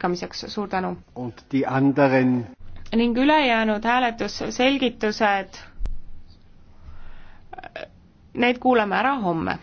jätkamiseks, suur tänu! Anderen... ning ülejäänud hääletusselgitused, need kuulame ära homme